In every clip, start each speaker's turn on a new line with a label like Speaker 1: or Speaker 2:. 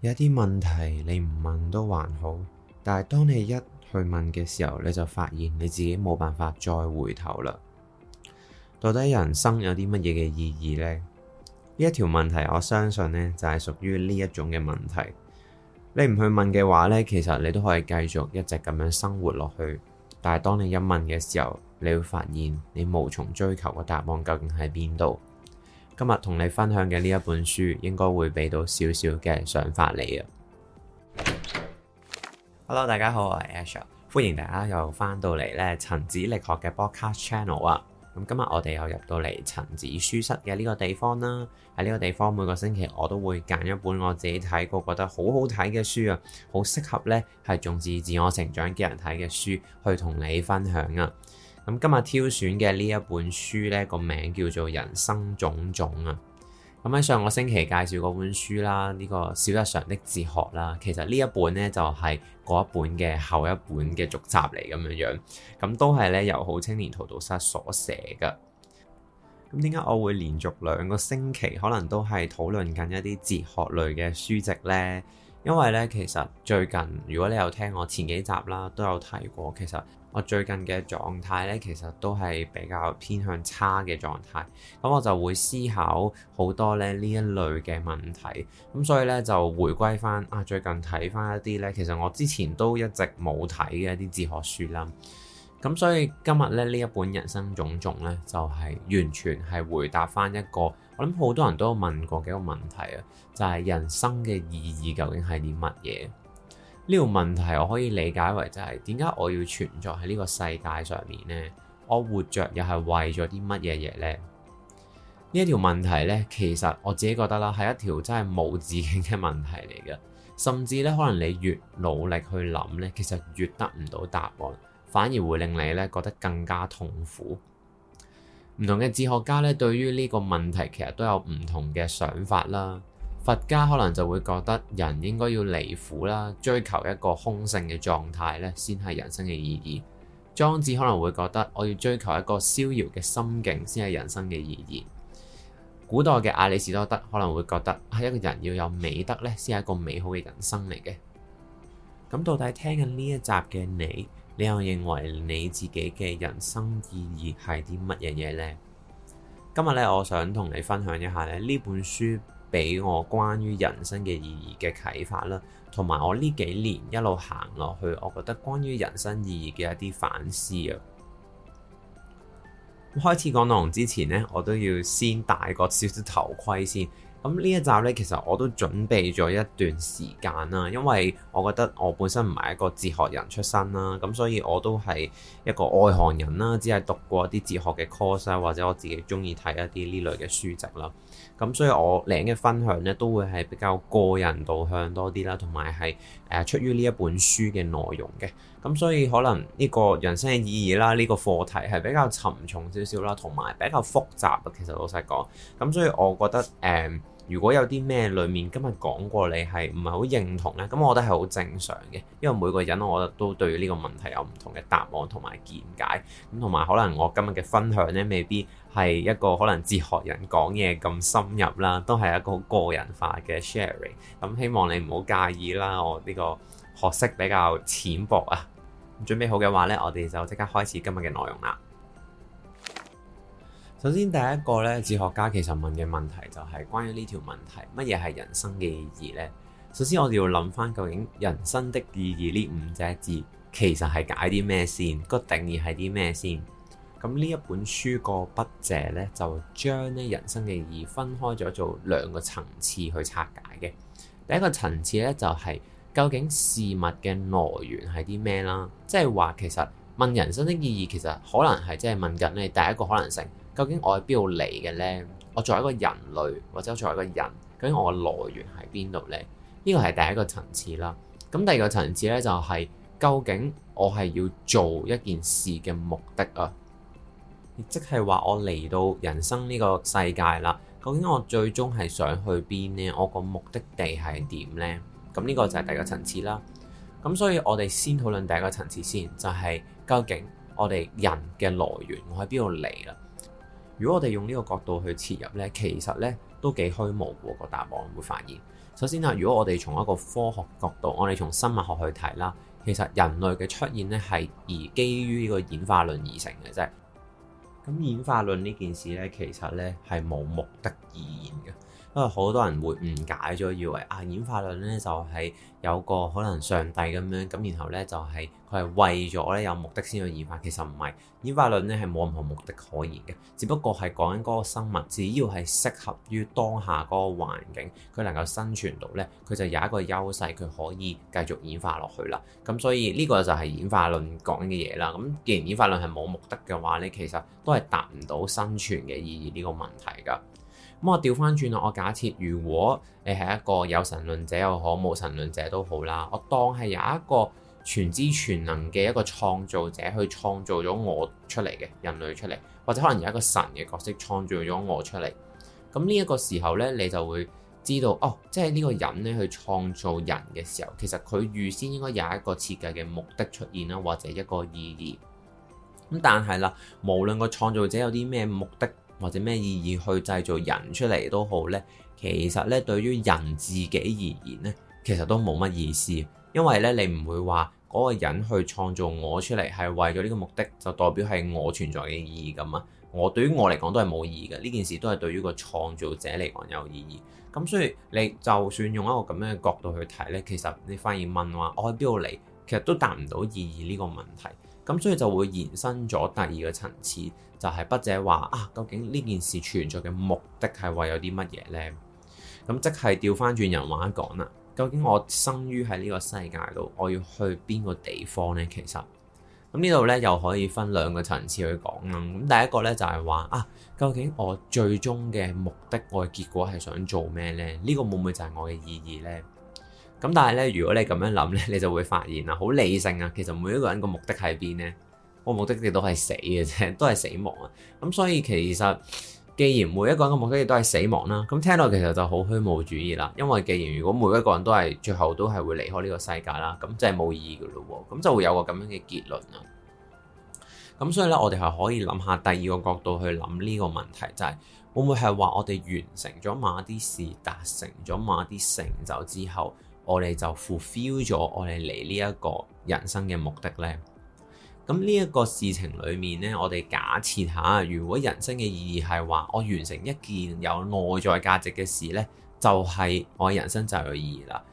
Speaker 1: 有啲問題你唔問都還好，但係當你一去問嘅時候，你就發現你自己冇辦法再回頭啦。到底人生有啲乜嘢嘅意義呢？呢一條問題，我相信呢就係屬於呢一種嘅問題。你唔去問嘅話呢，其實你都可以繼續一直咁樣生活落去。但係當你一問嘅時候，你會發現你無從追求嘅答案究竟喺邊度。今日同你分享嘅呢一本書，應該會俾到少少嘅想法你啊！Hello，大家好，我係 Ash，歡迎大家又翻到嚟咧塵籽力學嘅 Podcast Channel 啊！咁今日我哋又入到嚟塵籽書室嘅呢個地方啦，喺呢個地方每個星期我都會揀一本我自己睇過覺得好好睇嘅書啊，好適合咧係重視自我成長嘅人睇嘅書，去同你分享啊！咁今日挑選嘅呢一本書呢個名叫做《人生種種》啊。咁喺上個星期介紹嗰本書啦，呢、呢個《小日常的哲學》啦，其實呢一本呢，就係嗰一本嘅後一本嘅續集嚟咁樣樣。咁都係咧由好青年荼毒室所寫噶。咁點解我會連續兩個星期可能都係討論緊一啲哲學類嘅書籍呢？因為呢，其實最近如果你有聽我前幾集啦，都有提過，其實我最近嘅狀態呢，其實都係比較偏向差嘅狀態。咁我就會思考好多呢呢一類嘅問題。咁所以呢就回歸返啊，最近睇返一啲呢，其實我之前都一直冇睇嘅一啲哲學書啦。咁所以今日咧呢一本《人生種種》咧，就係完全係回答翻一個我諗好多人都問過嘅一個問題啊，就係人生嘅意義究竟係啲乜嘢？呢條問題我可以理解為就係點解我要存在喺呢個世界上面呢？我活着又係為咗啲乜嘢嘢呢？呢一條問題呢，其實我自己覺得啦，係一條真係無止境嘅問題嚟嘅，甚至呢，可能你越努力去諗呢，其實越得唔到答案。反而會令你咧覺得更加痛苦。唔同嘅哲學家咧，對於呢個問題其實都有唔同嘅想法啦。佛家可能就會覺得人應該要離苦啦，追求一個空性嘅狀態咧，先係人生嘅意義。莊子可能會覺得我要追求一個逍遙嘅心境先係人生嘅意義。古代嘅亞里士多德可能會覺得係一個人要有美德咧，先係一個美好嘅人生嚟嘅。咁到底聽緊呢一集嘅你，你又認為你自己嘅人生意義係啲乜嘢嘢呢？今日咧，我想同你分享一下咧呢本書俾我關於人生嘅意義嘅啟發啦，同埋我呢幾年一路行落去，我覺得關於人生意義嘅一啲反思啊。開始講內容之前呢，我都要先戴個少少頭盔先。咁呢一集呢，其實我都準備咗一段時間啦，因為我覺得我本身唔係一個哲學人出身啦，咁所以我都係一個外行人啦，只係讀過一啲哲學嘅 course 或者我自己鍾意睇一啲呢類嘅書籍啦。咁所以，我領嘅分享呢，都會係比較個人導向多啲啦，同埋係誒出於呢一本書嘅內容嘅。咁所以可能呢個人生嘅意義啦，呢個課題係比較沉重少少啦，同埋比較複雜。其實老實講，咁所以我覺得誒、嗯，如果有啲咩裡面今日講過你係唔係好認同呢？咁我覺得係好正常嘅，因為每個人我都都對呢個問題有唔同嘅答案同埋見解。咁同埋可能我今日嘅分享呢，未必，係一個可能哲學人講嘢咁深入啦，都係一個個人化嘅 sharing。咁、嗯、希望你唔好介意啦，我呢個學識比較淺薄啊。準備好嘅話呢，我哋就即刻開始今日嘅內容啦。首先第一個呢，哲學家其實問嘅問題就係關於呢條問題，乜嘢係人生嘅意義呢？首先我哋要諗翻究竟人生嘅意義呢五隻字其實係解啲咩先？個定義係啲咩先？咁呢一本書個筆者咧，就將咧人生嘅意義分開咗做兩個層次去拆解嘅。第一個層次咧，就係究竟事物嘅來源係啲咩啦？即係話其實問人生的意義，其實可能係即係問緊你第一個可能性，究竟我喺邊度嚟嘅呢？我作為一個人類，或者我作為一個人，究竟我嘅來源喺邊度呢？呢個係第一個層次啦。咁第二個層次咧，就係究竟我係要做一件事嘅目的啊？即係話，我嚟到人生呢個世界啦，究竟我最終係想去邊呢？我個目的地係點呢？咁呢個就係第二個層次啦。咁所以，我哋先討論第一個層次先，就係、是、究竟我哋人嘅來源，我喺邊度嚟啦？如果我哋用呢個角度去切入呢，其實呢都幾虛無個答案，會發現。首先啊，如果我哋從一個科學角度，我哋從生物學去睇啦，其實人類嘅出現呢係而基於呢個演化論而成嘅啫。嗯、演化論呢件事呢，其實呢係無目的而言嘅。因為好多人會誤解咗，以為啊演化論咧就係有個可能上帝咁樣，咁然後咧就係佢係為咗咧有目的先去演化，其實唔係。演化論咧係冇任何目的可言嘅，只不過係講緊嗰個生物，只要係適合於當下嗰個環境，佢能夠生存到咧，佢就有一個優勢，佢可以繼續演化落去啦。咁所以呢個就係演化論講嘅嘢啦。咁既然演化論係冇目的嘅話咧，其實都係達唔到生存嘅意義呢個問題㗎。咁我調翻轉啦，我假設如果你係一個有神論者又好，冇神論者都好啦，我當係有一個全知全能嘅一個創造者去創造咗我出嚟嘅人類出嚟，或者可能有一個神嘅角色創造咗我出嚟。咁呢一個時候咧，你就會知道哦，即係呢個人咧去創造人嘅時候，其實佢預先應該有一個設計嘅目的出現啦，或者一個意義。咁但係啦，無論個創造者有啲咩目的，或者咩意義去製造人出嚟都好呢？其實呢，對於人自己而言呢，其實都冇乜意思，因為呢，你唔會話嗰個人去創造我出嚟係為咗呢個目的，就代表係我存在嘅意義咁嘛。我對於我嚟講都係冇意義嘅，呢件事都係對於個創造者嚟講有意義。咁所以你就算用一個咁樣嘅角度去睇呢，其實你反而問話我喺邊度嚟，其實都達唔到意義呢個問題。咁所以就會延伸咗第二個層次，就係筆者話啊，究竟呢件事存在嘅目的係為有啲乜嘢呢？咁即係調翻轉人話講啦，究竟我生於喺呢個世界度，我要去邊個地方呢？其實，咁呢度呢又可以分兩個層次去講啦。咁第一個呢就係話啊，究竟我最終嘅目的，我嘅結果係想做咩呢？呢個會唔會就係我嘅意義呢？咁但係咧，如果你咁樣諗咧，你就會發現啦，好理性啊。其實每一個人個目的喺邊呢？個目的亦都係死嘅啫，都係死亡啊。咁所以其實，既然每一個人嘅目的亦都係死亡啦，咁聽落其實就好虛無主義啦。因為既然如果每一個人都係最後都係會離開呢個世界啦，咁就係冇意義噶咯喎，咁就會有個咁樣嘅結論啊。咁所以咧，我哋係可以諗下第二個角度去諗呢個問題，就係、是、會唔會係話我哋完成咗某一啲事，達成咗某一啲成就之後？我哋就 fulfill 咗我哋嚟呢一個人生嘅目的呢。咁呢一個事情裏面呢，我哋假設下，如果人生嘅意義係話，我完成一件有內在價值嘅事呢，就係我人生就有意義啦。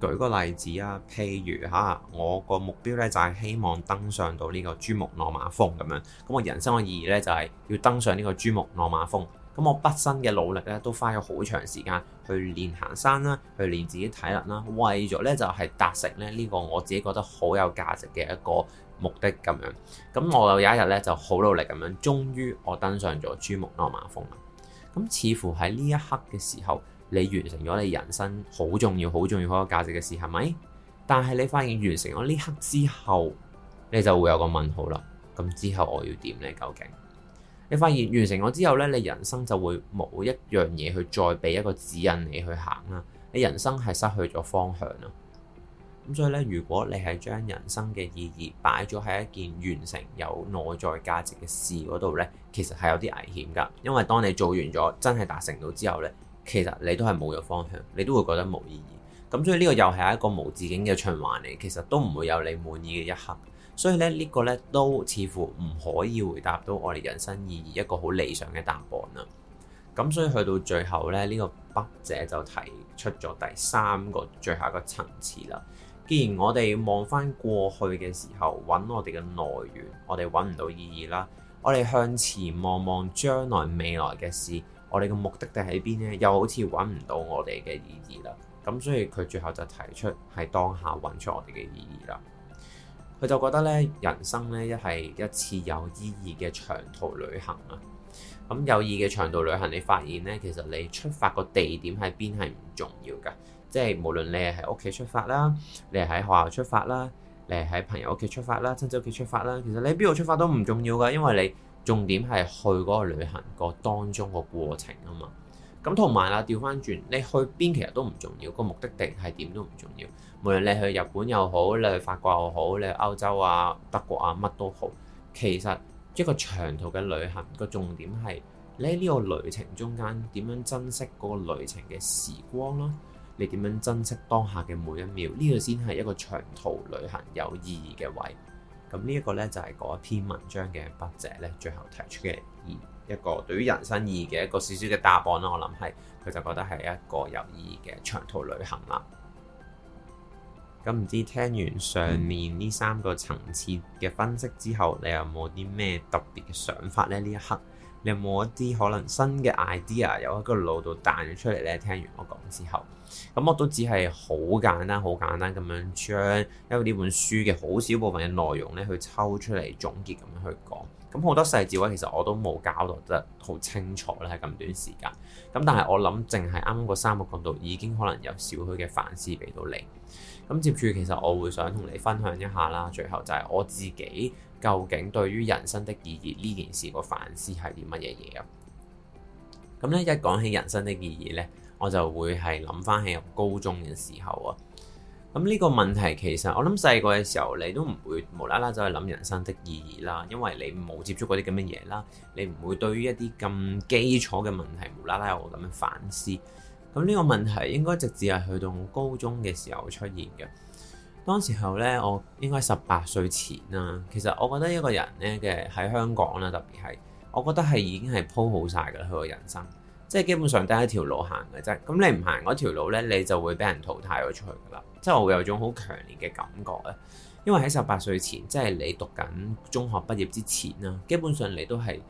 Speaker 1: 舉個例子啊，譬如嚇，我個目標呢，就係希望登上到呢個珠穆朗瑪峰咁樣。咁我人生嘅意義呢，就係要登上呢個珠穆朗瑪峰。咁我畢生嘅努力咧，都花咗好長時間去練行山啦，去練自己體能啦，為咗咧就係、是、達成咧呢、這個我自己覺得好有價值嘅一個目的咁樣。咁我有一日咧就好努力咁樣，終於我登上咗珠穆朗瑪峰啦。咁似乎喺呢一刻嘅時候，你完成咗你人生好重要、好重要、好有價值嘅事，係咪？但係你發現完成咗呢刻之後，你就會有個問號啦。咁之後我要點咧？究竟？你發現完成咗之後咧，你人生就會冇一樣嘢去再俾一個指引你去行啦、啊。你人生係失去咗方向囉。咁所以咧，如果你係將人生嘅意義擺咗喺一件完成有內在價值嘅事嗰度咧，其實係有啲危險噶。因為當你做完咗，真係達成到之後咧，其實你都係冇咗方向，你都會覺得冇意義。咁所以呢個又係一個無止境嘅循環嚟，其實都唔會有你滿意嘅一刻。所以咧，這個、呢個咧都似乎唔可以回答到我哋人生意義一個好理想嘅答案啦。咁所以去到最後咧，呢、這個筆者就提出咗第三個最後一個層次啦。既然我哋望翻過去嘅時候揾我哋嘅來源，我哋揾唔到意義啦；我哋向前望望將來未來嘅事，我哋嘅目的地喺邊呢？又好似揾唔到我哋嘅意義啦。咁所以佢最後就提出係當下揾出我哋嘅意義啦。就覺得咧，人生咧一係一次有意義嘅長途旅行啊！咁、嗯、有意義嘅長途旅行，你發現咧，其實你出發個地點喺邊係唔重要噶，即係無論你係喺屋企出發啦，你係喺學校出發啦，你係喺朋友屋企出發啦，親戚屋企出發啦，其實你喺邊度出發都唔重要噶，因為你重點係去嗰個旅行個當中個過程啊嘛。咁同埋啦，調翻轉，你去邊其實都唔重要，個目的地係點都唔重要。無論你去日本又好，你去法國又好，你去歐洲啊、德國啊乜都好，其實一個長途嘅旅行個重點係你喺呢個旅程中間點樣珍惜嗰個旅程嘅時光啦，你點樣珍惜當下嘅每一秒，呢個先係一個長途旅行有意義嘅位。咁呢一個呢，就係嗰一篇文章嘅筆者呢最後提出嘅意。一個對於人生意義嘅一個小小嘅答案啦，我諗係佢就覺得係一個有意義嘅長途旅行啦。咁唔知聽完上面呢三個層次嘅分析之後，你有冇啲咩特別嘅想法呢？呢一刻？你有冇一啲可能新嘅 idea，由一個腦度彈咗出嚟咧？聽完我講之後，咁我都只係好簡單、好簡單咁樣將因為呢本書嘅好少部分嘅內容咧，去抽出嚟總結咁樣去講。咁好多細節位，其實我都冇搞到得好清楚咧，喺咁短時間。咁但係我諗，淨係啱啱個三個角度已經可能有少許嘅反思俾到你。咁接住，其實我會想同你分享一下啦。最後就係我自己。究竟對於人生的意義呢件事，個反思係啲乜嘢嘢啊？咁咧，一講起人生的意義呢，我就會係諗翻起高中嘅時候啊。咁呢個問題，其實我諗細個嘅時候你都唔會無啦啦走去諗人生的意義啦，因為你冇接觸過啲咁嘅嘢啦，你唔會對於一啲咁基礎嘅問題無啦啦有咁樣反思。咁呢個問題應該直至係去到我高中嘅時候出現嘅。當時候咧，我應該十八歲前啦。其實我覺得一個人咧嘅喺香港啦，特別係我覺得係已經係鋪好晒㗎啦。佢個人生即係基本上得一條路行嘅啫。咁你唔行嗰條路咧，你就會俾人淘汰咗出去㗎啦。即係我會有種好強烈嘅感覺啊！因為喺十八歲前，即係你讀緊中學畢業之前啦，基本上你都係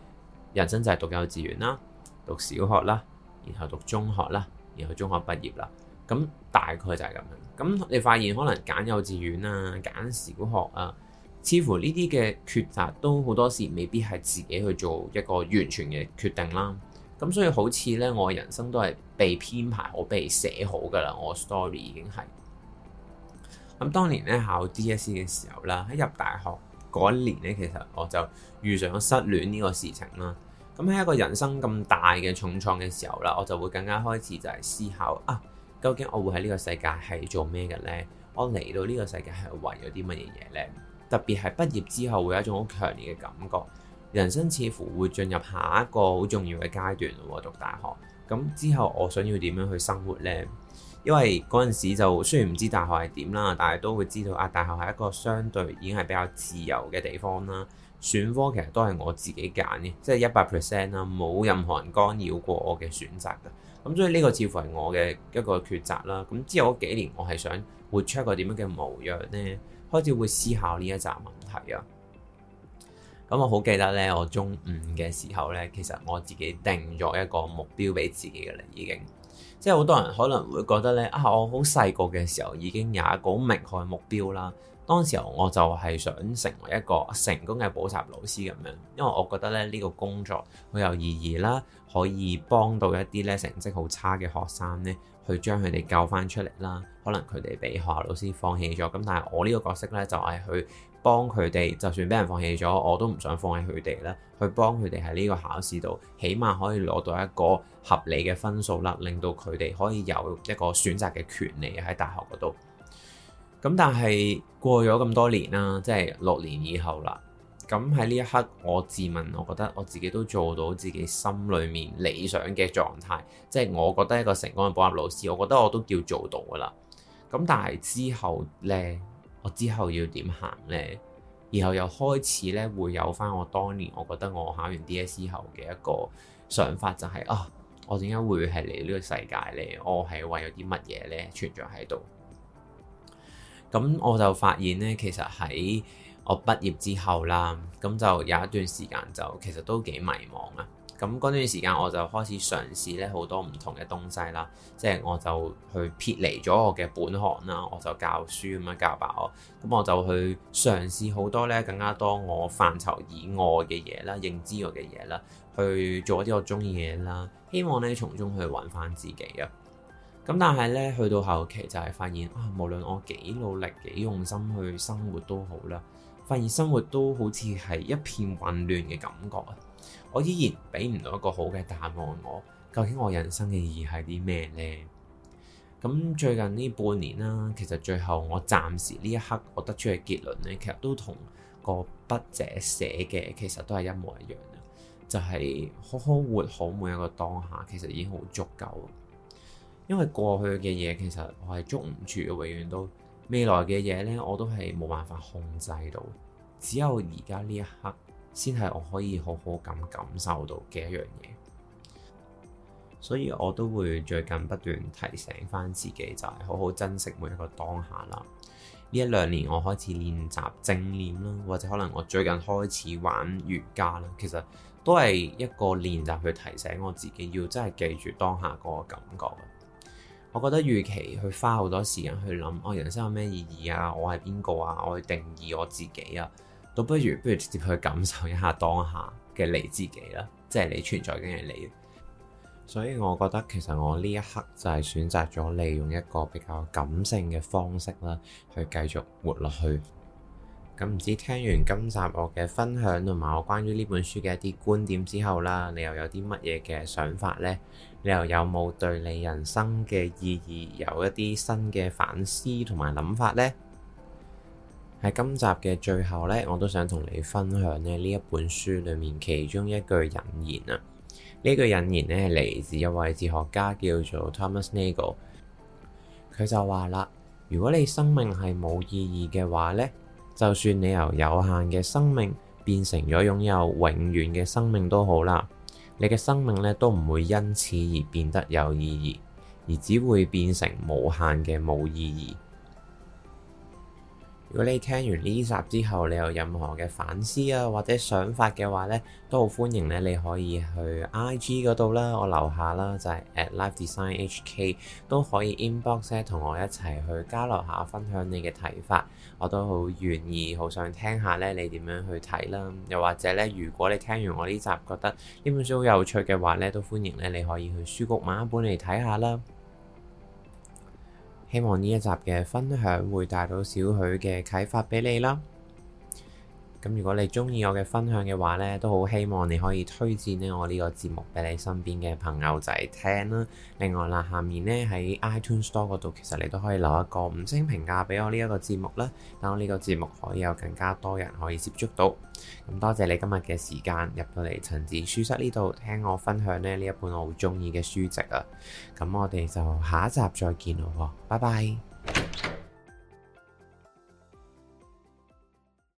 Speaker 1: 人生就係讀幼稚園啦、讀小學啦，然後讀中學啦，然後中學畢業啦。咁大概就係咁樣。咁你發現可能揀幼稚園啊，揀小學啊，似乎呢啲嘅抉擇都好多時未必係自己去做一個完全嘅決定啦。咁所以好似呢，我人生都係被編排好、我被寫好㗎啦。我 story 已經係咁。當年咧考 DSE 嘅時候啦，喺入大學嗰一年呢，其實我就遇上咗失戀呢個事情啦。咁喺一個人生咁大嘅重創嘅時候啦，我就會更加開始就係思考啊。究竟我會喺呢個世界係做咩嘅呢？我嚟到呢個世界係為咗啲乜嘢嘢呢？特別係畢業之後會有一種好強烈嘅感覺，人生似乎會進入下一個好重要嘅階段咯。讀大學咁之後，我想要點樣去生活呢？因為嗰陣時就雖然唔知大學係點啦，但係都會知道啊，大學係一個相對已經係比較自由嘅地方啦。選科其實都係我自己揀嘅，即係一百 percent 啦，冇任何人干擾過我嘅選擇嘅。咁所以呢個似乎係我嘅一個抉擇啦。咁之後嗰幾年，我係想活出一個點樣嘅模樣咧？開始會思考呢一集問題啊。咁我好記得呢，我中五嘅時候呢，其實我自己定咗一個目標俾自己嘅啦，已經。即係好多人可能會覺得呢，啊，我好細個嘅時候已經有一個好明確嘅目標啦。當時我就係想成為一個成功嘅補習老師咁樣，因為我覺得咧呢個工作好有意義啦，可以幫到一啲咧成績好差嘅學生咧，去將佢哋救翻出嚟啦。可能佢哋俾學校老師放棄咗，咁但係我呢個角色咧就係去幫佢哋，就算俾人放棄咗，我都唔想放棄佢哋啦，去幫佢哋喺呢個考試度，起碼可以攞到一個合理嘅分數啦，令到佢哋可以有一個選擇嘅權利喺大學嗰度。咁但係過咗咁多年啦，即係六年以後啦。咁喺呢一刻，我自問，我覺得我自己都做到自己心裏面理想嘅狀態。即係我覺得一個成功嘅補習老師，我覺得我都叫做到噶啦。咁但係之後呢，我之後要點行呢？然後又開始呢，會有翻我當年我覺得我考完 DSE 後嘅一個想法，就係啊，我點解會係嚟呢個世界呢？我係為咗啲乜嘢呢？」存在喺度。咁我就發現呢，其實喺我畢業之後啦，咁就有一段時間就其實都幾迷茫啊。咁嗰段時間我就開始嘗試呢好多唔同嘅東西啦，即係我就去撇離咗我嘅本行啦，我就教書咁樣教白我，咁我就去嘗試好多呢更加多我範疇以外嘅嘢啦，認知我嘅嘢啦，去做一啲我中意嘅嘢啦，希望呢從中去揾翻自己啊！咁但係咧，去到後期就係發現啊，無論我幾努力、幾用心去生活都好啦，發現生活都好似係一片混亂嘅感覺啊！我依然俾唔到一個好嘅答案我，我究竟我人生嘅意義係啲咩呢？咁最近呢半年啦，其實最後我暫時呢一刻我得出嘅結論咧，其實都同個筆者寫嘅其實都係一模一樣嘅，就係好好活好每一個當下，其實已經好足夠。因為過去嘅嘢其實我係捉唔住嘅，永遠都未來嘅嘢呢，我都係冇辦法控制到。只有而家呢一刻，先係我可以好好咁感受到嘅一樣嘢。所以我都會最近不斷提醒返自己，就係好好珍惜每一個當下啦。呢一兩年我開始練習正念啦，或者可能我最近開始玩瑜伽啦，其實都係一個練習去提醒我自己要真係記住當下個感覺。我覺得與其去花好多時間去諗，我、哦、人生有咩意義啊？我係邊個啊？我去定義我自己啊？倒不如不如直接去感受一下當下嘅你自己啦，即係你存在嘅係你。所以我覺得其實我呢一刻就係選擇咗利用一個比較感性嘅方式啦，去繼續活落去。咁唔知聽完今集我嘅分享同埋我關於呢本書嘅一啲觀點之後啦，你又有啲乜嘢嘅想法呢？你又有冇對你人生嘅意義有一啲新嘅反思同埋諗法呢？喺今集嘅最後呢，我都想同你分享呢呢一本書裏面其中一句引言啊。呢句引言呢，嚟自一位哲學家叫做 Thomas Nagel，佢就話啦：「如果你生命係冇意義嘅話呢……」就算你由有限嘅生命變成咗擁有永遠嘅生命都好啦，你嘅生命咧都唔會因此而變得有意義，而只會變成無限嘅冇意義。如果你聽完呢集之後，你有任何嘅反思啊，或者想法嘅話咧，都好歡迎咧，你可以去 IG 嗰度啦，我留下啦，就係 at Life Design HK 都可以 inbox 咧，同我一齊去交流下，分享你嘅睇法，我都好願意，好想聽下咧你點樣去睇啦。又或者咧，如果你聽完我呢集覺得呢本書好有趣嘅話咧，都歡迎咧，你可以去書局買一本嚟睇下啦。希望呢一集嘅分享會帶到少許嘅啟發畀你啦～咁如果你中意我嘅分享嘅話呢，都好希望你可以推薦呢我呢個節目俾你身邊嘅朋友仔聽啦。另外啦，下面呢喺 iTunes Store 度，其實你都可以留一個五星評價俾我呢一個節目啦，等我呢個節目可以有更加多人可以接觸到。咁多謝你今日嘅時間入到嚟塵籽書室呢度聽我分享咧呢一本我好中意嘅書籍啊。咁我哋就下一集再見啦，拜拜。